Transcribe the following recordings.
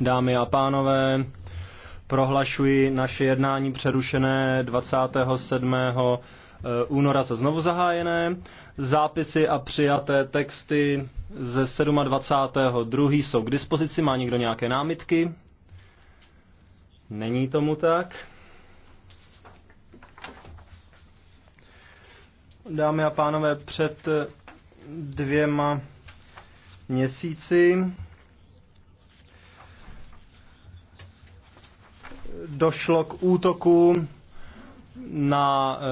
Dámy a pánové, prohlašuji naše jednání přerušené 27. Eh, února se znovu zahájené. Zápisy a přijaté texty ze 27.2. jsou k dispozici. Má někdo nějaké námitky? Není tomu tak. Dámy a pánové, před dvěma měsíci došlo k útoku na eh,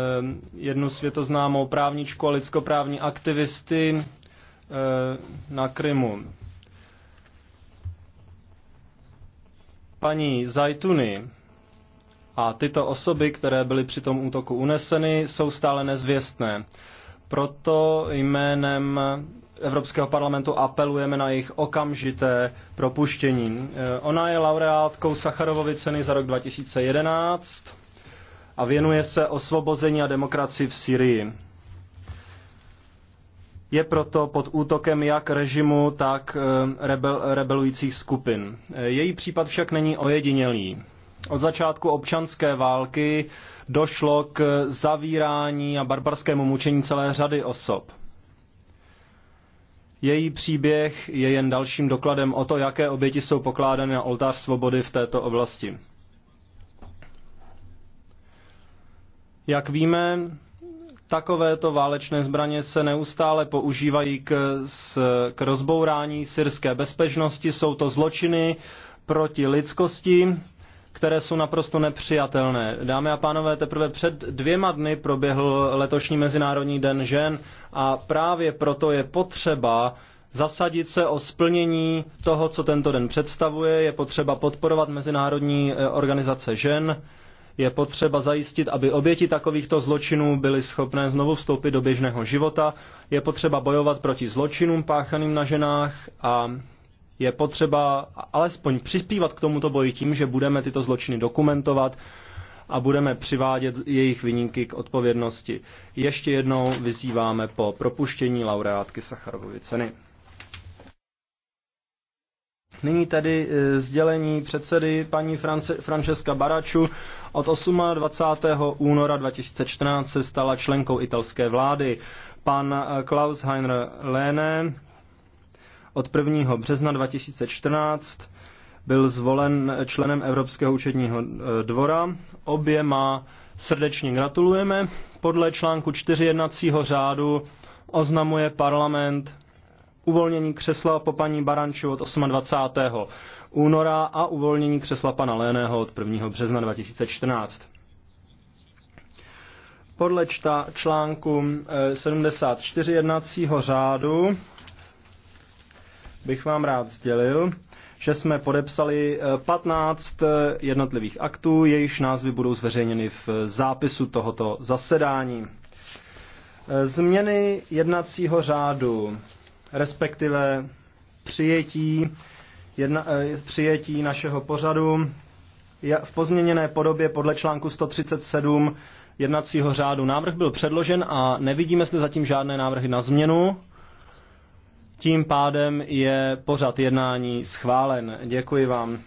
jednu světoznámou právničku a lidskoprávní aktivisty eh, na Krymu. Paní Zajtuny a tyto osoby, které byly při tom útoku uneseny, jsou stále nezvěstné. Proto jménem Evropského parlamentu apelujeme na jejich okamžité propuštění. Eh, ona je laureátkou Sacharovovy ceny za rok 2011 a věnuje se osvobození a demokracii v Syrii. Je proto pod útokem jak režimu, tak eh, rebel, rebelujících skupin. Eh, její případ však není ojedinělý. Od začátku občanské války došlo k zavírání a barbarskému mučení celé řady osob. Její příběh je jen dalším dokladem o to, jaké oběti jsou pokládány na oltář svobody v této oblasti. Jak víme, takovéto válečné zbraně se neustále používají k, s, k rozbourání syrské bezpečnosti. Jsou to zločiny proti lidskosti, které jsou naprosto nepřijatelné. Dámy a pánové, teprve před dvěma dny proběhl letošní Mezinárodní den žen a právě proto je potřeba zasadit se o splnění toho, co tento den představuje. Je potřeba podporovat Mezinárodní e, organizace žen, je potřeba zajistit, aby oběti takovýchto zločinů byly schopné znovu vstoupit do běžného života, je potřeba bojovat proti zločinům páchaným na ženách a je potřeba alespoň přispívat k tomuto boji tím, že budeme tyto zločiny dokumentovat a budeme přivádět jejich vyníky k odpovědnosti. Ještě jednou vyzýváme po propuštění laureátky Sacharovovy ceny. Nyní tedy eh, sdělení předsedy paní France, Francesca Baraču. Od 28. února 2014 se stala členkou italské vlády. Pan eh, Klaus Heiner Lehne od 1. března 2014 byl zvolen členem Evropského účetního eh, dvora. Oběma má srdečně gratulujeme. Podle článku 4 jednacího řádu oznamuje parlament uvolnění křesla po paní Baranču od 28. února a uvolnění křesla pana Léného od 1. března 2014. Podle čta, článku 74 eh, jednacího řádu bych vám rád sdělil, že jsme podepsali 15 eh, eh, jednotlivých aktů, jejichž názvy budou zveřejněny v eh, zápisu tohoto zasedání. Změny jednacího řádu, respektive přijetí, jedna, přijetí našeho pořadu v pozměněné podobě podle článku 137 jednacího řádu. Návrh byl předložen a nevidíme zde zatím žádné návrhy na změnu. Tím pádem je pořad jednání schválen. Děkuji vám.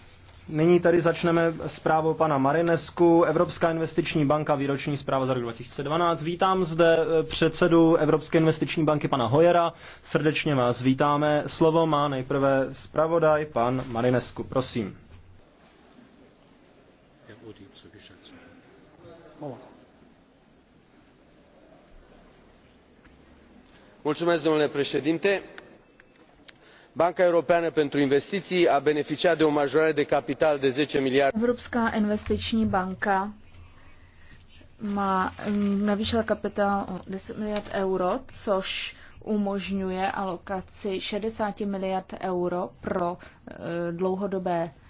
Nyní tady začneme zprávou pana Marinesku. Evropská investiční banka, výroční zpráva za rok 2012. Vítám zde eh, předsedu Evropské investiční banky pana Hojera. Srdečně vás vítáme. Slovo má nejprve zpravodaj pan Marinesku. Prosím. Mulțumesc, domnule președinte banca europeană pentru investiții a beneficiat de o majorare de capital de 10 miliarde. Evropská investiční banka má mm, navýšila kapitál o 10 miliard euro, což umožňuje alokaci 60 miliard euro pro eh, dlouhodobé